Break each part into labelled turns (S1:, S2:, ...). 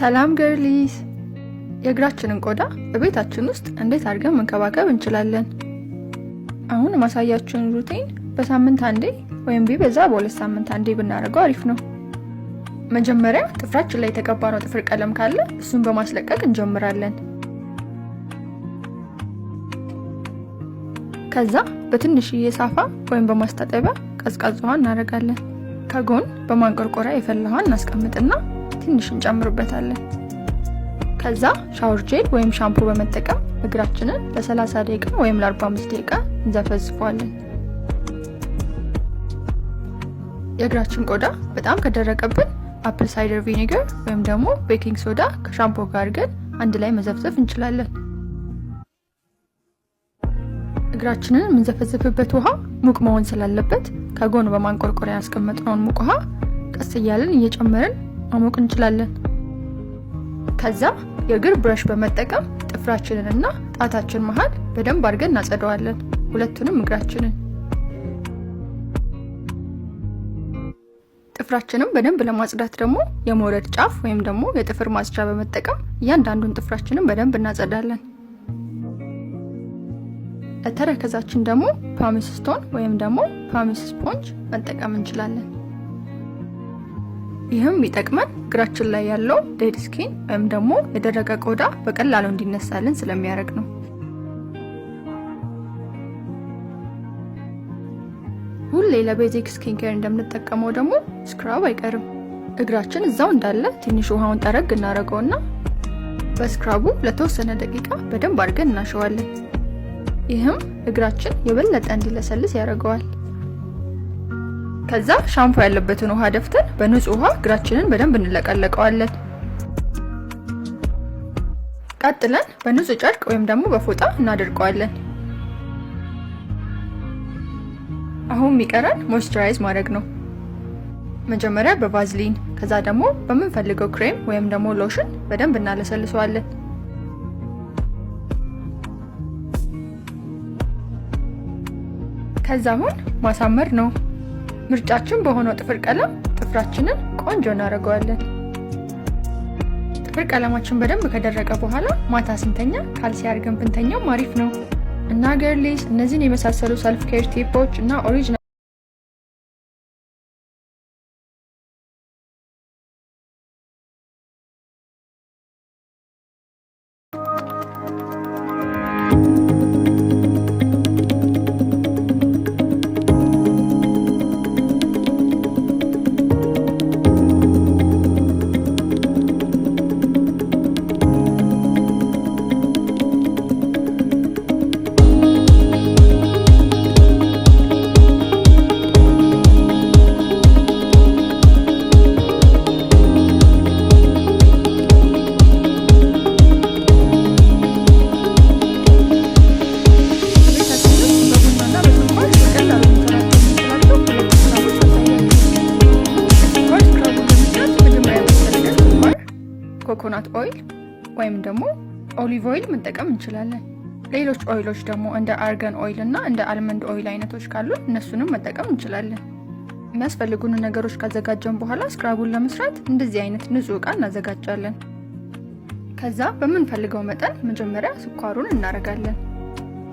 S1: ሰላም ገርሊስ! የእግራችንን ቆዳ በቤታችን ውስጥ እንዴት አድርገን መንከባከብ እንችላለን? አሁን ማሳያችሁን ሩቲን በሳምንት አንዴ ወይም ቢበዛ በሁለት ሳምንት አንዴ ብናደርገው አሪፍ ነው። መጀመሪያ ጥፍራችን ላይ የተቀባነው ጥፍር ቀለም ካለ እሱን በማስለቀቅ እንጀምራለን። ከዛ በትንሽዬ ሳፋ ወይም በማስታጠቢያ ቀዝቃዝ ውሃ እናደርጋለን። ከጎን በማንቆርቆሪያ የፈላ እናስቀምጥና ትንሽ እንጨምርበታለን። ከዛ ሻወር ጄል ወይም ሻምፖ በመጠቀም እግራችንን ለ30 ደቂቃ ወይም ለ45 ደቂቃ እንዘፈዝፈዋለን። የእግራችን ቆዳ በጣም ከደረቀብን አፕል ሳይደር ቪኒገር ወይም ደግሞ ቤኪንግ ሶዳ ከሻምፖ ጋር ግን አንድ ላይ መዘፍዘፍ እንችላለን። እግራችንን የምንዘፈዘፍበት ውሃ ሙቅ መሆን ስላለበት ከጎን በማንቆርቆሪያ ያስቀመጥነውን ሙቅ ውሃ ቀስ እያለን እየጨመርን ማሞቅ እንችላለን። ከዛ የእግር ብረሽ በመጠቀም ጥፍራችንን እና ጣታችን መሀል በደንብ አድርገን እናጸደዋለን፣ ሁለቱንም እግራችንን። ጥፍራችንም በደንብ ለማጽዳት ደግሞ የሞረድ ጫፍ ወይም ደግሞ የጥፍር ማጽጃ በመጠቀም እያንዳንዱን ጥፍራችንን በደንብ እናጸዳለን። ለተረከዛችን ደግሞ ፓሚስ ስቶን ወይም ደግሞ ፓሚስ ስፖንጅ መጠቀም እንችላለን። ይህም ይጠቅመን እግራችን ላይ ያለው ዴድ ስኪን ወይም ደግሞ የደረቀ ቆዳ በቀላሉ እንዲነሳልን ስለሚያደርግ ነው። ሁሌ ለቤዚክ ስኪን ኬር እንደምንጠቀመው ደግሞ ስክራብ አይቀርም። እግራችን እዛው እንዳለ ትንሽ ውሃውን ጠረግ እናደርገውና በስክራቡ ለተወሰነ ደቂቃ በደንብ አድርገን እናሸዋለን። ይህም እግራችን የበለጠ እንዲለሰልስ ያደርገዋል። ከዛ ሻምፖ ያለበትን ውሃ ደፍተን በንጹህ ውሃ እግራችንን በደንብ እንለቀለቀዋለን። ቀጥለን በንጹህ ጨርቅ ወይም ደግሞ በፎጣ እናደርቀዋለን። አሁን የሚቀረን ሞይስቸራይዝ ማድረግ ነው። መጀመሪያ በቫዝሊን ከዛ ደግሞ በምንፈልገው ክሬም ወይም ደግሞ ሎሽን በደንብ እናለሰልሰዋለን። ከዛ አሁን ማሳመር ነው። ምርጫችን በሆነው ጥፍር ቀለም ጥፍራችንን ቆንጆ እናደርገዋለን። ጥፍር ቀለማችን በደንብ ከደረቀ በኋላ ማታ ስንተኛ ካልሲ አድርገን ብንተኛውም አሪፍ ነው እና ገርሊስ እነዚህን የመሳሰሉ ሰልፍ ኬር ቴፖች እና ኦሪጅናል ኮኮናት ኦይል ወይም ደግሞ ኦሊቭ ኦይል መጠቀም እንችላለን። ሌሎች ኦይሎች ደግሞ እንደ አርገን ኦይል እና እንደ አልመንድ ኦይል አይነቶች ካሉ እነሱንም መጠቀም እንችላለን። የሚያስፈልጉን ነገሮች ካዘጋጀን በኋላ ስክራቡን ለመስራት እንደዚህ አይነት ንጹህ ዕቃ እናዘጋጃለን። ከዛ በምንፈልገው መጠን መጀመሪያ ስኳሩን እናደርጋለን።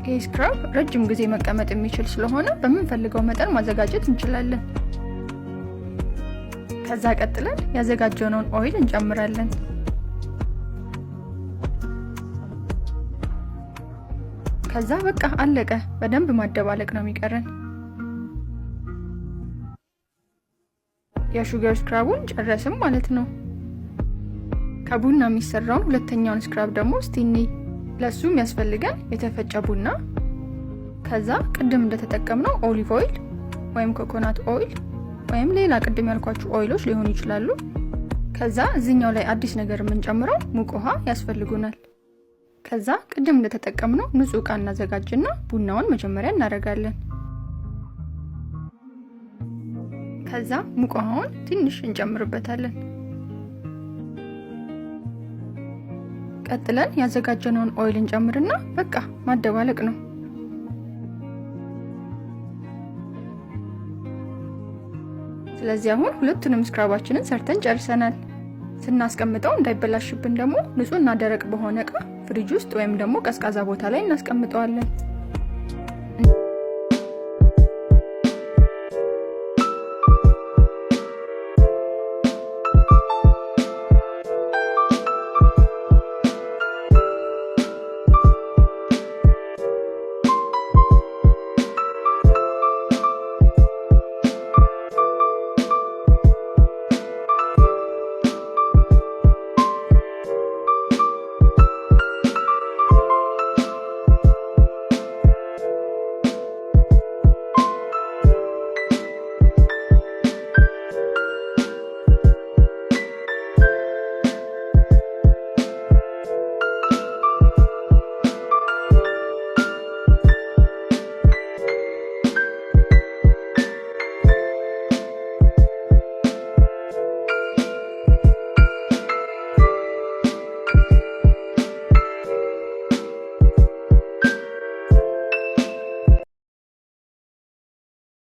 S1: ይህ ስክራብ ረጅም ጊዜ መቀመጥ የሚችል ስለሆነ በምንፈልገው መጠን ማዘጋጀት እንችላለን። ከዛ ቀጥለን ያዘጋጀነውን ኦይል እንጨምራለን። ከዛ በቃ አለቀ። በደንብ ማደባለቅ ነው የሚቀረን። የሹገር ስክራቡን ጨረስም ማለት ነው። ከቡና የሚሰራውን ሁለተኛውን ስክራብ ደግሞ ስቲኒ ለሱ የሚያስፈልገን የተፈጨ ቡና፣ ከዛ ቅድም እንደተጠቀምነው ኦሊቭ ኦይል ወይም ኮኮናት ኦይል ወይም ሌላ ቅድም ያልኳችሁ ኦይሎች ሊሆኑ ይችላሉ። ከዛ እዚኛው ላይ አዲስ ነገር የምንጨምረው ሙቅ ውሃ ያስፈልጉናል። ከዛ ቅድም እንደተጠቀምነው ንጹህ ዕቃ እናዘጋጅና ቡናውን መጀመሪያ እናደርጋለን። ከዛ ሙቅ ውሃውን ትንሽ እንጨምርበታለን። ቀጥለን ያዘጋጀነውን ኦይል እንጨምርና በቃ ማደባለቅ ነው። ስለዚህ አሁን ሁለቱንም ስክራባችንን ሰርተን ጨርሰናል። ስናስቀምጠው እንዳይበላሽብን ደግሞ ንጹህ ደረቅ በሆነ እቃ ፍሪጅ ውስጥ ወይም ደግሞ ቀዝቃዛ ቦታ ላይ እናስቀምጠዋለን።